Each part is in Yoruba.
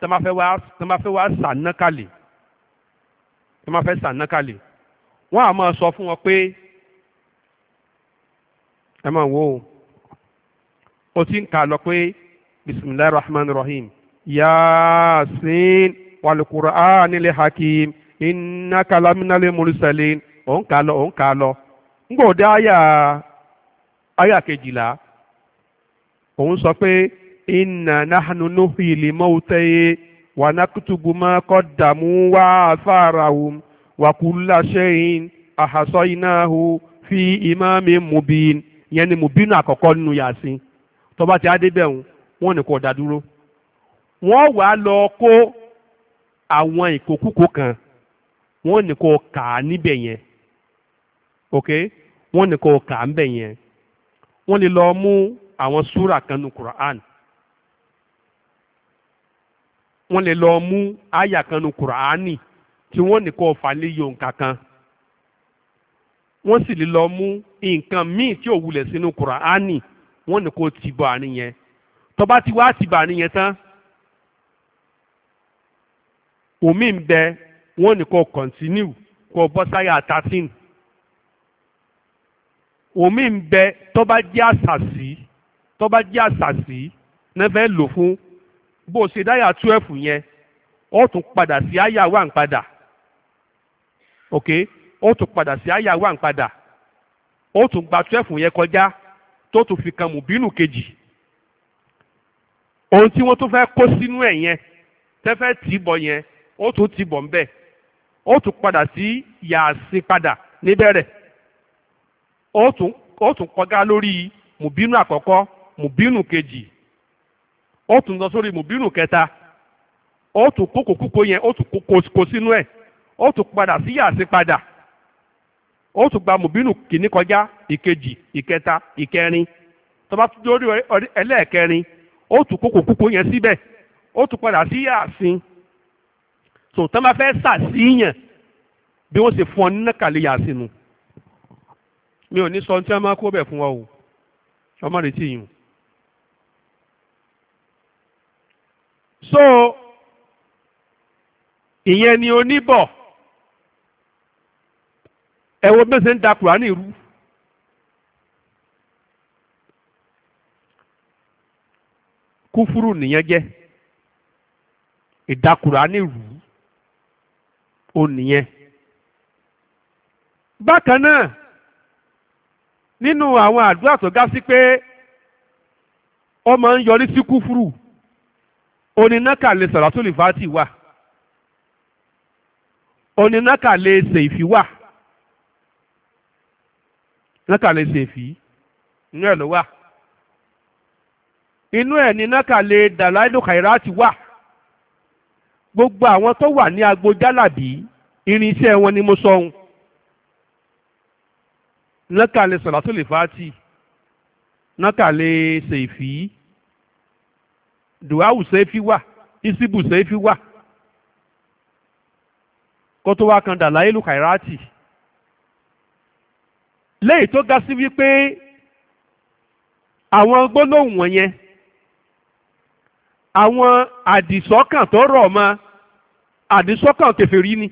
tó máa fẹ́ wá tó máa fẹ́ wá sànákàlẹ̀ tó máa fẹ́ sànákàlẹ̀ wọ́n á máa sọ fún wọn pé ẹ máa wò ó o ti ń kà lọ pé bisimilahi rahman rahim yaasin walukura anile hakim iná kalaminale mursalin ò ń kà lọ ò ń kà lọ ń gbọ́dọ̀ aya àyà kejìlá òun sọ pé. inna nahnu nuhyi limawtaye wa naktubu ma qaddamu wa atharahum wa kulla shay'in ahasaynahu fi imamin mubin yẹn ni mubin àkọ́kọ́ nínú yasin tó bá ti adébẹ̀hún wọ́n ní kó dúró wàá lọ kó àwọn ìkókúkó kan wọn ní kà á níbẹ̀ yẹn ok wọ́n ní kà á yẹn wọn lè lọ mú àwọn súrà kan nu Qur'an wọ́n lè lọ mú àyà kan nu kùránì tí wọ́n ní kó falẹ̀ yọ nǹkan kan wọ́n sì lè lọ mú nǹkan míì tí ò wulẹ̀ sínú kùránì wọ́n ní kó ti bọ̀ àárín yẹn tó bá ti wá ti bà níyẹn tán omi ń bẹ wọ́n ní kó kọ̀ǹtínú kó bọ́ omi ń bẹ tó jẹ́ àṣàṣì tó jẹ́ àṣàṣì náà fẹ́ lò fún bó o ṣe dáyà twelve yẹn ó tún padà sí àyà one padà ok ó tún padà sí àyà one padà ó tún gba twelve yẹn kọjá tó tún fi kan mùbínú kejì ohun tí wọ́n tún fẹ́ kó sínú ẹ̀ yẹn tẹ́fẹ́ tì bọ̀ yẹn ó tún tì bọ̀ ńbẹ̀ ó tún padà sí yàásí padà níbẹ̀rẹ̀ ó tún kọjá lórí mùbínú àkọ́kọ́ mùbínú kejì ó tún lọ sórí mùbínú kẹta ó tún kó kòkókò yẹn ó tún kó sínú ẹ̀ ó tún padà sí yàsí padà ó tún gba mùbínú kìíní kọjá ìkejì ìkẹta ìkẹrin tó bá tún lórí ẹlẹ́ẹ̀kẹrin ó tún kó kòkókò yẹn síbẹ̀ ó tún padà sí yàsí tó tán bá fẹ́ sàṣìyàn bí wọ́n ṣe fún ọ nínú kàlẹ́ yàsí nu mi ò ní sọ ohun tí wọ́n máa kó bẹ̀ fún ọ o ọmọ rẹ̀ ti yùn. so ìyẹn ni oníbọ̀ ẹ wo bí ó ṣe ń da kùránì rú. kúfúrú nìyẹn jẹ́ ìdakùrà ní rú ó nìyẹn. bákan náà nínú àwọn àdúrà tó ga sí pé ọmọ máa ń yọrí sí kúfúrú. onínákàlẹ̀ sàràtúlì fàátì wà onínákàlẹ̀ sèfì wà nákàlẹ̀ sèfì inú ẹ̀ ló wà inú ẹ̀ ní nákàlẹ̀ dàláìdò kàìráàtì wà gbogbo àwọn tó wà ní agbo jálàbí irinṣẹ́ wọn ni mo sọ ohun nákàlẹ̀ sàràtúlì fàátì nákàlẹ̀ dùháwù sẹ́fì wà ìsìbù sẹ́fì wa kó tó wá kan dàlàyé lu kàìrátì léyìí tó ga sí wípé àwọn gbólóhùn wọ̀nyẹn àwọn àdìsọ́kàn tó rọ̀ mọ́ àdìsọ́kàn kèfèrí ni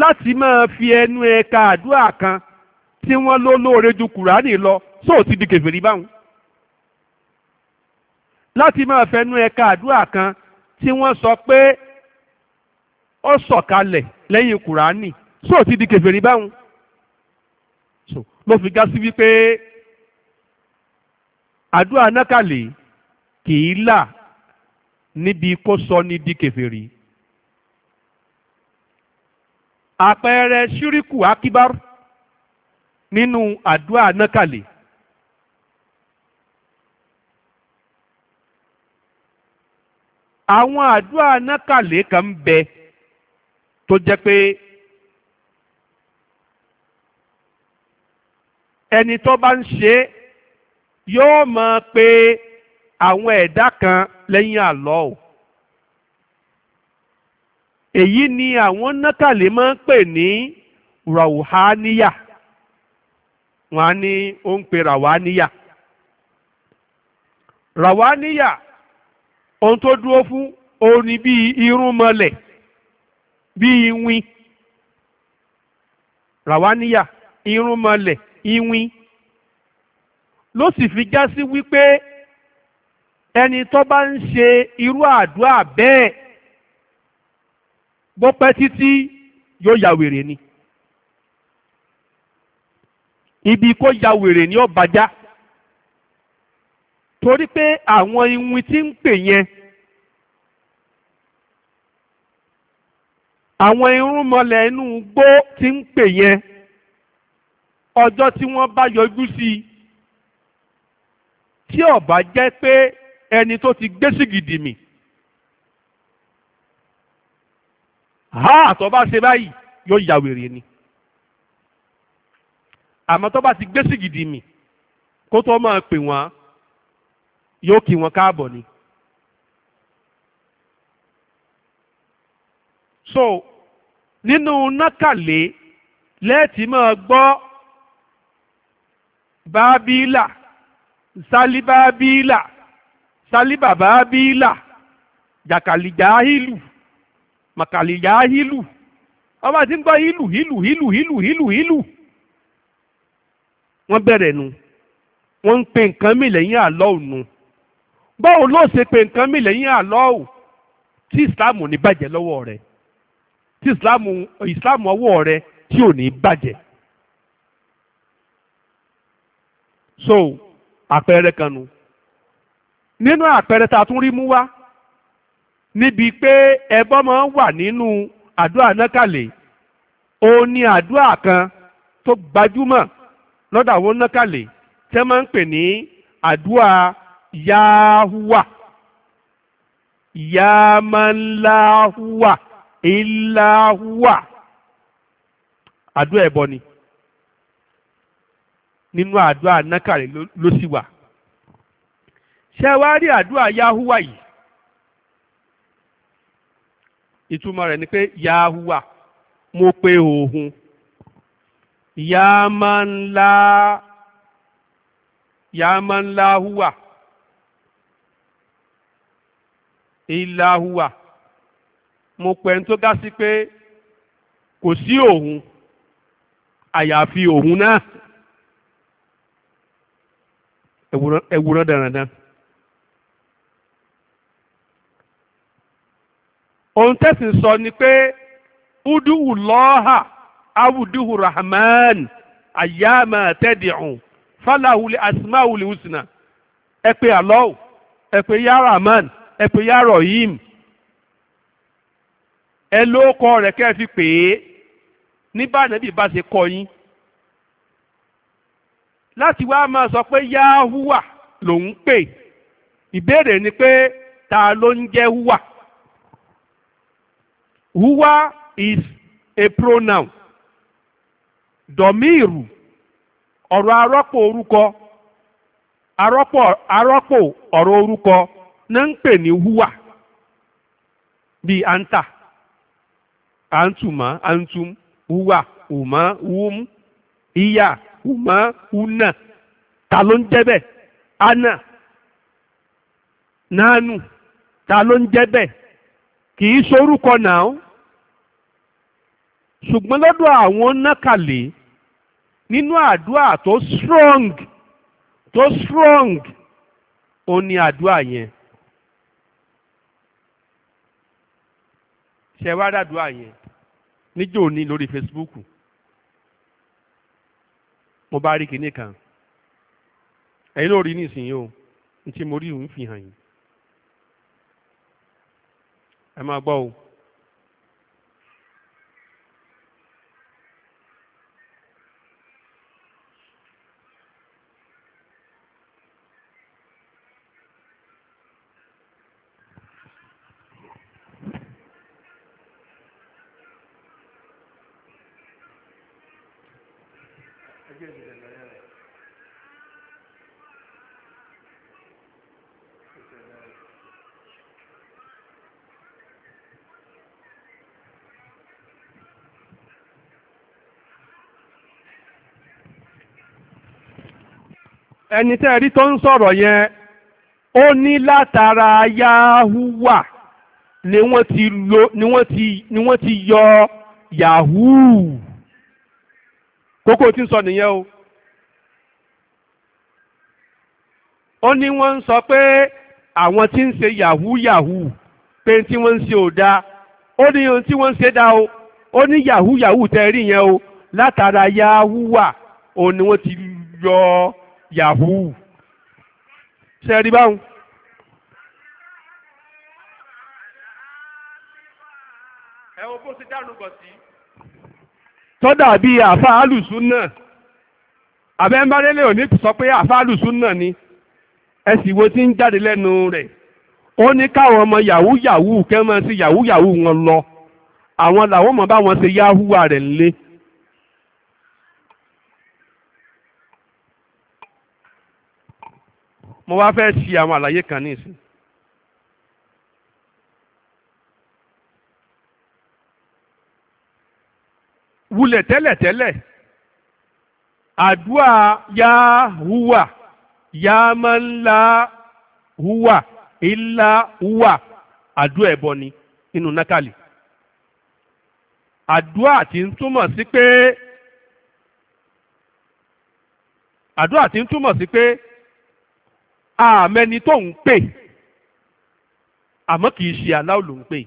láti máa fi ẹnu ẹ̀ka àdúrà kan tí wọ́n ló lóore ju kùránì lọ sóò ti di kèfèrí báwọn láti máa fẹnu ẹ̀ka àdúrà kan tí wọ́n sọ pé ó sọ̀kalẹ̀ lẹ́yìn kùránì sóò ti di kèfèrí báwọn so ló fi gá sí wípé àdúrà nákàlẹ̀ kì í là níbi kó sọ ní di kèfèrí àpẹẹrẹ ṣíríkù akíbar nínú àdúrà nákàlẹ̀ àwọn àdúrà nákàlẹ́ kan bẹ tó jẹ́ pé ẹni tó bá ń ṣe yóò mọ̀ pé àwọn ẹ̀dá kan lẹ́yìn àlọ́ o èyí ni àwọn nákàlẹ́ máa ń pè ní rauhaniya wọn á ní ó ń pe rauhaniya rauhaniya ohun tó dúró fún òun ni bíi irúnmọlẹ̀ bíi iwin ràwáníyà irúnmọlẹ̀ iwin ló sì fi já sí wípé ẹni tó bá ń ṣe irú àdúrà bẹ́ẹ̀ bó pẹ́ títí yóò ya wèrè ni ibi kó ya wèrè ni ó bàjá torí pé àwọn iwin tí ń pè yẹn àwọn irúnmọlẹ̀ inú igbó tí ń pè yẹn ọjọ́ tí wọ́n bá yọjú sí tí ó bá pé ẹni tó ti gbé sìgìdì mì ha tó bá ṣe báyìí yóò ya wèrè ni àmọ́ tó bá ti gbé sìgìdì mì kó tó máa pè wọ́n yóò kí wọn káàbọ̀ ni. so nínú nákàlẹ́ lẹ́ẹ̀tì máa gbọ́ bábílà sálíbábílà sálíbàbábílà jàkàlìjáhìlù màkàlìjáhìlù ọba tí ń gbọ́ hìlù hìlù hìlù hìlù hìlù hìlù wọ́n bẹ̀rẹ̀ nu wọ́n ń pe nǹkan mì lẹ́yìn àlọ́ ònu báwo ló ṣe pé nǹkan mi lẹ́yìn àlọ́ọ̀ tí ìsìláàmù ní bàjẹ́ lọ́wọ́ rẹ̀ tí ìsìláàmù ìsìláàmù ọwọ́ rẹ̀ tí ò ní bàjẹ́. so àpẹẹrẹ kan nu nínú àpẹẹrẹ tá a tún rí mú wá níbi pé ẹbọ máa ń wà nínú àdúrà nákàlẹ̀ òun ni àdúrà kan tó gbajúmọ̀ lọ́dọ̀ àwọn nákàlẹ̀ tẹ́ máa ń pè ní àdúrà yáhùwà yámánláhùwà ìláhùwà àdúrà ẹ̀bọ ni nínú àdúrà nákàlẹ̀ ló sì wà ṣé wàá rí àdúrà yáhùwà yìí ìtumọ̀ rẹ̀ ni pé yáhùwà mo pe òhun yámánláhùwà yámánláhùwà. ìlàhùwà mo pẹ́ ń tó gá sí pé kò sí òun àyàfi òun náà ẹ̀wùrán dandan. òun tẹ̀sìn sọ ni pé uduhu lọ́ha awuduhu rahman ayama tẹ́dìrún fàlàhùlẹ̀ asmáhùlẹ̀ hùsìnà ẹ pé àlọ́ ẹ pé ẹ pè ya Rahim ẹ rẹ̀ kẹ́ ẹ fi pè é ní bá bá ṣe láti wá máa sọ pé yá huwa ń pè ìbéèrè ni pé ta ló ń jẹ́ Huwa Huwa is a pronoun dọ̀míìrù ọ̀rọ̀ arọ́pò orúkọ arọ́pò orúkọ. na ń pè ní húwà bíi anta antuma antum húwà ùmọ́ wúm ìyá ùmọ́ ùnà ta ló ń jẹ́ bẹ́ẹ̀ ana nánú ta ló ń jẹ́ bẹ́ẹ̀ kì í sorúkọ náà ṣùgbọ́n lọ́dọ̀ àwọn nákàlẹ́ nínú àdúrà tó strong tó strong ó ní àdúrà yẹn ṣe wá ràdúrà yẹn níjọ́ ní lórí Facebook mo bá rí kinní kan ẹ̀yin ló rí nísìnyí o ní tí mo rí òun fi hàn yín ẹ máa gbọ́ o. ẹni tẹ́ rí tó ń sọ̀rọ̀ yẹn ó ní látara yahuwa ni wọ́n ti lo ni wọ́n ti ni wọ́n ti yọ yahoo kókó tí ń sọ nìyẹn o ó ní wọ́n ń sọ pé àwọn tí ń ṣe yahoo yahoo pé tí wọ́n ń ṣe ò dáa ó ní ohun tí wọ́n ń ṣe dáa o ó ní yahoo yahoo tẹ́ rí yẹn o látara yahuwa òun ni wọ́n ti yọ ọ́ yahoo ṣe rí báwọn. ẹ wo bó ṣe dànù bọ̀ sí. tọ́dà bíi àfa alùsùn náà àbẹ́ńbárẹ́lẹ̀ òní sọ pé àfa alùsùn náà ni ẹ sì wo tí ń jáde lẹ́nu rẹ̀ ó ní káwọn ọmọ yahoo yahoo kẹ́ máa ṣe yahoo yahoo wọn lọ àwọn làwọn ọmọ bá wọn ṣe yahoo rẹ̀ lé. mo wá fẹ́ ṣe àwọn àlàyé kan ní ìsìn. wulẹ̀ tẹ́lẹ̀tẹ́lẹ̀ àdúrà yá húwà yá máa ń la húwà ìlà húwà àdúrà ẹ̀bọ ni nínú nákàlì àdúrà tí ń túmọ̀ sí pé àdúrà tí ń túmọ̀ sí pé àmẹ́ni tó ń pè àmọ́ kì í ṣe aláwọ̀ ló ń pè.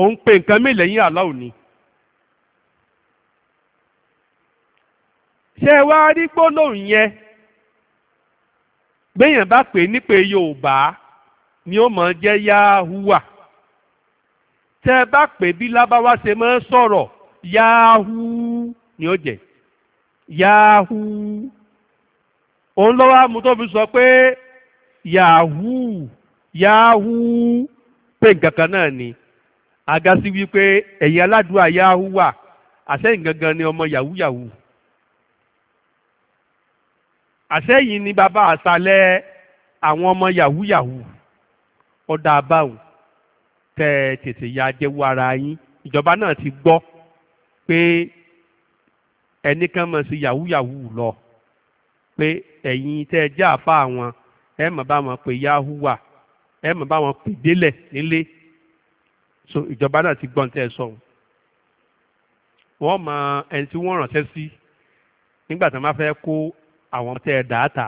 òun pe nǹkan mí lẹ́yìn aláwọ̀ ni. ṣé ẹ wá rí gbólóhùn yẹn gbẹ̀yìn bá pè nípe Yorùbá ni ó máa jẹ́ Yahuwa tẹ́ ẹ bá pè bí lábáwá ṣe máa ń sọ̀rọ̀ Yahu ni ó jẹ́ yahoo òun lọ́wọ́ mú tó fi sọ pé yahoo yahoo pé nǹkan kan náà ni agasi wípé ẹ̀yin aládùúgbò yahoo wà àṣẹ́yìn gangan ni ọmọ yahoo yahoo àṣẹ́yìn ni bàbá àṣálẹ́ àwọn ọmọ yahoo yahoo ọ̀dà àbáwùn tẹ̀ tètè ya jẹ́wọ́ ara yín ìjọba náà ti gbọ́ pé ẹni kan mọ̀ sí yahoo yahoo lọ pé ẹ̀yin tẹ́ ẹ jẹ́ àfa àwọn ẹ mọ̀ bá wọn pé yahoo wà ẹ mọ̀ bá wọn pè délẹ̀ nílé so ìjọba náà ti gbọ́n tẹ́ ẹ sọ wọ́n mọ ẹni tí wọ́n ránṣẹ́ sí nígbà tí wọ́n bá fẹ́ kó àwọn tẹ́ ẹ dàáta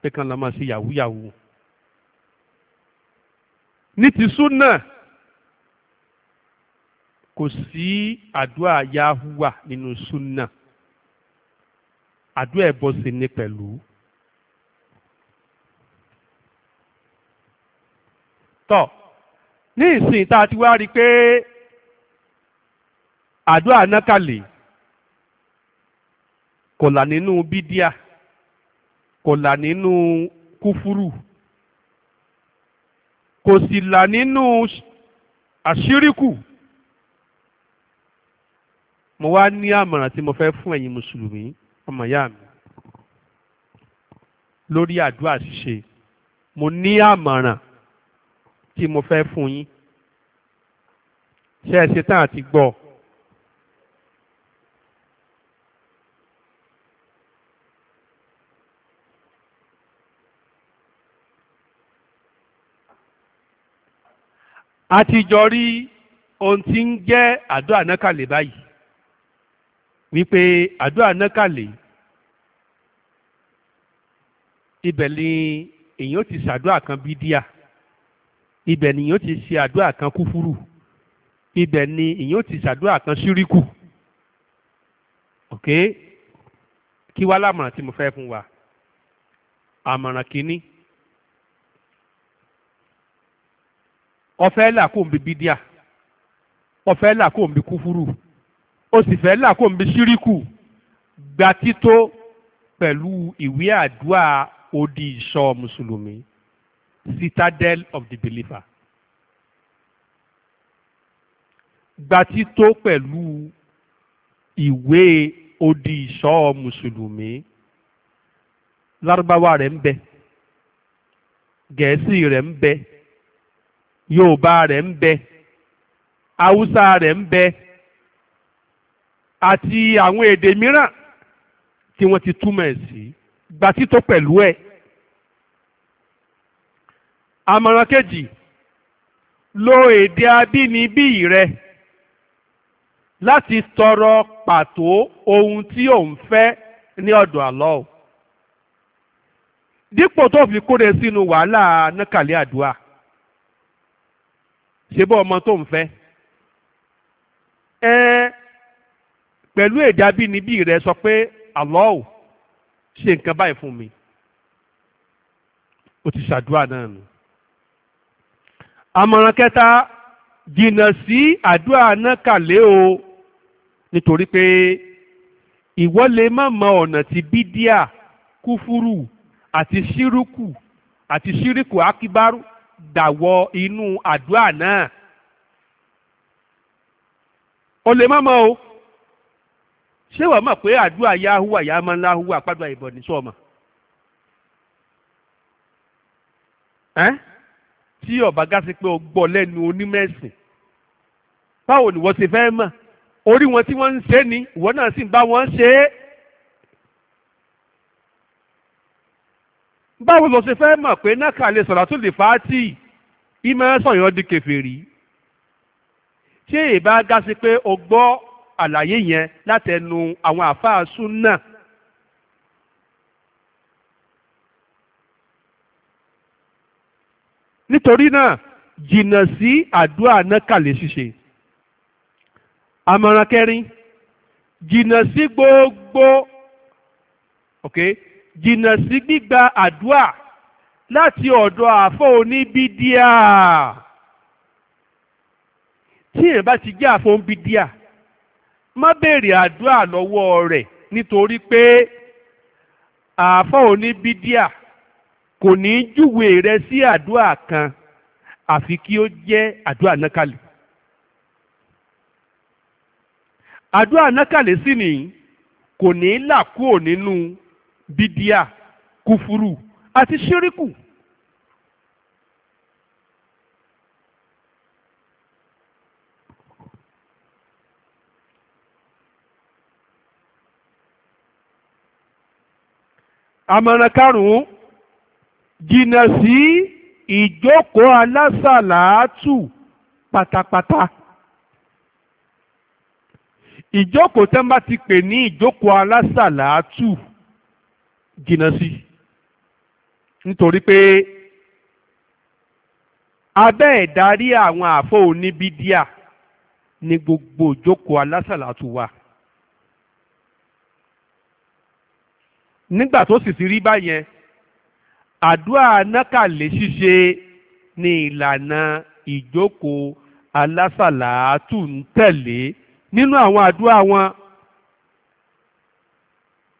pé kán lọ mọ̀ sí yahoo yahoo ní ti súnà kò sí àdúrà yahuwa nínú súnà àdúrà ẹ̀bọ sì ni pẹ̀lú. tọ́ ní ìsìn tá a ti wá rí i pé àdúrà nákàlè kò là nínú bídíà kò là nínú kúfúrù kò sì là nínú àṣíríkù mo wá ní àmọ̀ràn tí mo fẹ́ fún ẹ̀yin mùsùlùmí ọmọ ìyá mi lórí àdúrà ṣíṣe mo ní àmọ̀ràn tí mo fẹ́ fún yín ṣé ẹ ṣe tán àti gbọ́ àtijọ́ rí ohun tí ń jẹ́ àdúrà náà kàlẹ̀ báyìí wípé àdúrà nákàlẹ̀ ibẹ̀ ni èèyàn ti ṣàdúrà kan bídíà ibẹ̀ ni èèyàn ti ṣe àdúrà kan kúfúrú ibẹ̀ ni èèyàn ti ṣàdúrà kan ṣíríkù ok kí wá lámọ̀ràn tí mo fẹ́ fún wa àmọ̀ràn kínní ọ̀fẹ́ là kò ń ọ̀fẹ́ là kúfúrú o sì fẹ́ là kó n bí ṣíríkù gba tító pẹ̀lú ìwé àdúrà odi ìṣọ́ mùsùlùmí citadel of the believer gba tító pẹ̀lú ìwé odi ìṣọ́ mùsùlùmí lárúbáwá rẹ̀ ń bẹ gẹ̀ẹ́sì rẹ̀ ń bẹ yorùbá rẹ̀ ń bẹ haúsá rẹ̀ ń bẹ àti àwọn èdè mìíràn tí wọ́n ti túmọ̀ ẹ̀ sí gba títọ́ pẹ̀lú ẹ̀. àmọ̀ràn kejì lo èdè abínibí rẹ láti tọrọ pàtó ohun tí ò ń fẹ́ ní ọ̀dọ̀ àlọ́ o dípò tó fi kóre sínú wàhálà nákàlẹ́ àdúrà ṣe bọ́ ọmọ tó ń fẹ́ ẹ pẹ̀lú èdè abínibí rẹ sọ pé àlọ́ọ̀ ṣe nǹkan báyìí fún mi ó ti ṣàdúrà náà nù. àmọ̀ràn kẹta jìnnà sí àdúrà náà kàlẹ́ o nítorí pé ìwọ lè má mọ ọ̀nà tí bídíà kúfúrú àti ṣírùkù àti ṣírìkù akíbárù dàwọ inú àdúrà náà. o lè má mọ o ṣé wàá mọ̀ pé àdúrà yahuwa yamanláhuwa àpàdùn àìbọ̀ ní sọ́ọ̀mọ̀ ẹ́ tí ọ̀bá gásí pé o gbọ́ lẹ́nu onímẹ̀sìn báwo ni wọ́n ti fẹ́ mọ̀ orí wọn tí wọ́n ń ṣe ni ìwọ náà sì ń bá wọn ṣe é báwo ló ṣe fẹ́ mọ̀ pé náà lè sọ̀rọ̀ tó lè fà á tì í máa sọ̀yọ́ di kèfèrí ṣé ìbá gásí pé o gbọ́ àlàyé yẹn látẹnu àwọn àfáà súnà. nítorí náà jìnnà sí àdúrà nákàlẹ̀ ṣíṣe àmọ̀ràn kẹrin jìnnà sí gbogbo ok jìnnà sí gbígba àdúrà láti ọ̀dọ̀ àfọ́ oníbídíà tí èèyàn bá ti jẹ́ àfọ́ oníbídíà má béèrè àdúrà lọ́wọ́ rẹ̀ nítorí pé àáfà oníbídíà kò ní í júwe rẹ sí àdúrà kan àfi kí ó jẹ́ àdúrà nákàlè. àdúrà nákàlè sì ni kò ní là kúrò nínú bídíà kúfúrú àti ṣíríkù. àmọ̀ràn karùn-ún jìnnà sí ìjókòó alásàlátù pátápátá ìjókòó tẹ́ bá ti pè ní ìjókòó alásàlátù jìnnà sí nítorí pé abẹ́ ìdarí àwọn àfọ̀ oníbídíà ni gbogbo ìjókòó alásàlátù wà. nígbà tó sì ti rí báyẹn àdúrà nákàlẹ́ ṣíṣe ni ìlànà ìjókòó alásàlátù ń tẹ̀lé nínú àwọn àdúrà wọn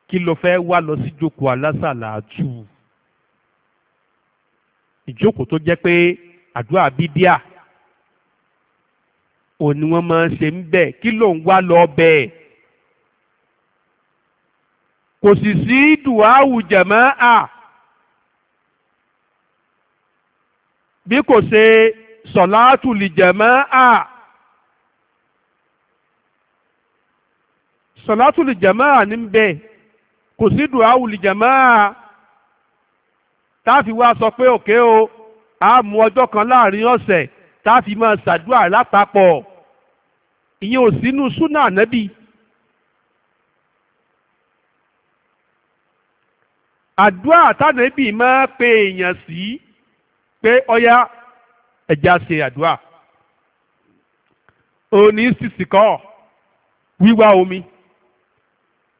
kí ló fẹ́ wá lọ sí ìjókòó alásàlátù ìjókòó tó jẹ́ pé àdúrà bídíà òní wọ́n máa ń ṣe ń bẹ̀ kí ló ń wá lọ bẹ́ẹ̀ kò sì sí dùháwù jẹ̀mọ́ à bí kò ṣe sọ̀láàtù lì jẹ̀mọ́ à sọ̀láàtù lì jẹ̀mọ́ à ní bẹ́ kò sí dùháwù lì jẹ̀mọ́ à táàfi wá sọ pé òkè o a mú ọjọ́ kan láàrin ọ̀sẹ̀ táàfi máa ṣàdúrà lápapọ̀ ìyẹn ò sínú súnà nẹ́bí. àdúrà tánàbì máa pe èèyàn sí pé ọyá ẹja ṣe àdúrà òní kọ wíwá omi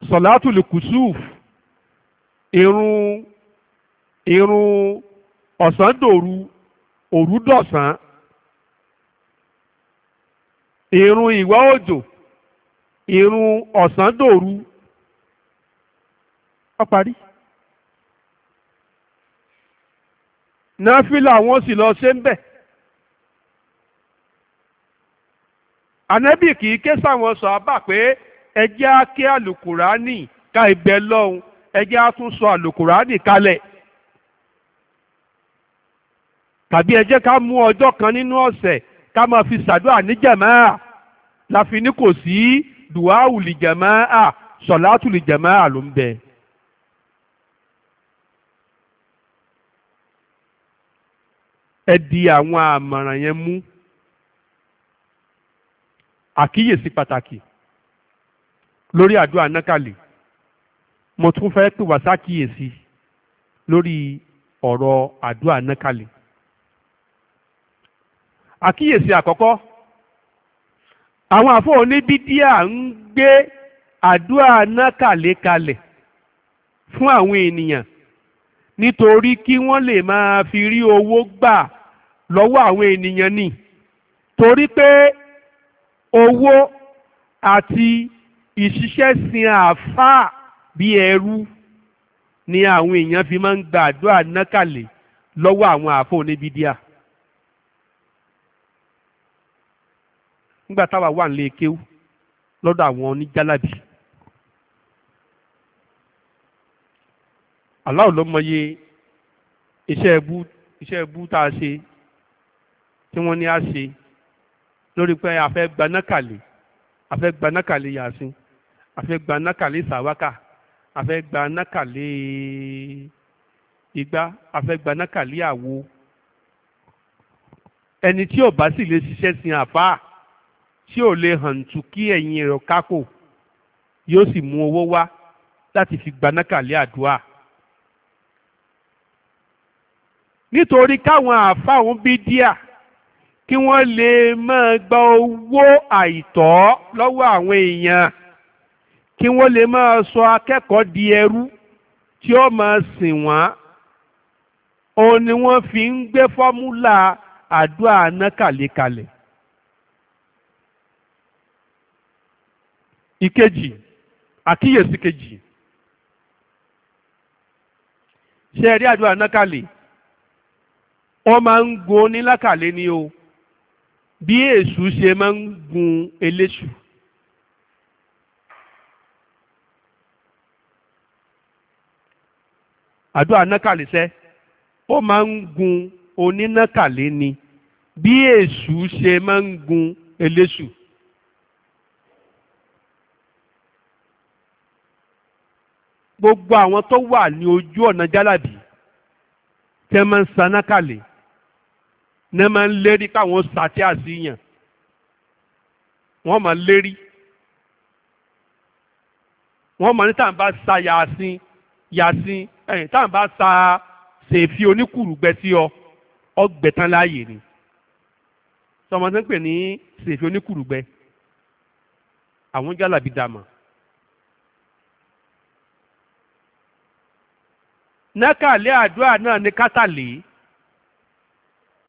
sọ̀látùlù kùsùf irun irun ọ̀sán dòru òru dọ̀sán irun ìwọ́ òjò irun ọ̀sán dòru ọparí parí. náfìlà wọn sì lọ ṣe ń bẹ̀. ànábì kì í ké sáwọn sàhábà pé ẹ jẹ́ á ké àlùkùránì ká ibẹ̀ lọ́hùn ẹ jẹ́ á tún sọ àlùkùránì kalẹ̀. tàbí ẹ ká mú ọjọ́ kan nínú ọ̀sẹ̀ ká máa fi ṣàdúrà ní jàmáà la ní kò sí dùwáwù lì jàmáà sọ̀látù lì ló ń bẹ. ẹ di àwọn àmọ̀ràn yẹn mú àkíyèsí pàtàkì lórí àdúrà nákàlè mo tún fẹ́ pè wá sákìyèsí lórí ọ̀rọ̀ àdúrà nákàlè àkíyèsí àkọ́kọ́ àwọn àfọ oníbídíà ń gbé àdúrà nákàlè kalẹ̀ fún àwọn ènìyàn nítorí kí wọ́n lè máa fi rí owó gbà lọ́wọ́ àwọn ènìyàn ni torí pé owó àti ìṣiṣẹ́sìn àáfàá bíi ẹrú ni àwọn èèyàn fi máa ń gba àdúrà nákàlẹ̀ lọ́wọ́ àwọn àáfàá oníbídíà. nígbà táwa wà nílé kéwú lọ́dọ̀ àwọn oníjálàbí. aláwo ló mọye iṣẹ́ ẹbú iṣẹ́ ẹbú tá a ṣe tí wọ́n ní á ṣe lórí pé a fẹ́ gba nákàlì a fẹ́ gba nákàlì yàsín a fẹ́ gba nákàlì sàwákà a fẹ́ gba nákàlì igbá a fẹ́ gba nákàlì àwo ẹni tí ò bá sì lè ṣiṣẹ́ sin àfáà tí ò lè hàn tù kí ẹ̀yìn rẹ̀ kákò yóò sì mú owó wá láti fi gba àdúrà. nítorí káwọn àfáà ń bí díà kí wọ́n lè máa gba owó àìtọ́ lọ́wọ́ àwọn èèyàn kí wọ́n lè máa sọ akẹ́kọ̀ọ́ di ẹrú tí ó máa sìn wọ́n òun ni wọ́n fi ń gbé fọ́múlà àdúrà nákàlẹ́kalẹ̀. ìkejì àkíyèsí kejì ṣe ẹ̀rí àdúrà nákàlẹ̀ wọ́n máa ń go nílákàlẹ́ ni o bí èṣù ṣe máa ń gun eléṣù. àdúrà nákàlẹ́sẹ́ ó máa ń gun onínákàlẹ́ ni bí èṣù ṣe máa ń gun eléṣù. gbogbo àwọn tó wà ní ojú ọ̀nà jálàbí tẹ́ máa ń sanákàlẹ́ ní máa ń lérí káwọn sàtí àṣìyàn wọ́n máa ń lérí wọ́n máa ní tá à ń bá sa yàásín yàásín ẹ̀yìn tá à ń bá sa ṣèfi oníkùrùgbẹ sí ọ ọgbẹ̀tán láàyè ni sọmọ tó ń pè ní ṣèfi oníkùrùgbẹ àwọn jálàbí dàmà. nákàlẹ́ àdúrà náà ni kátàlẹ́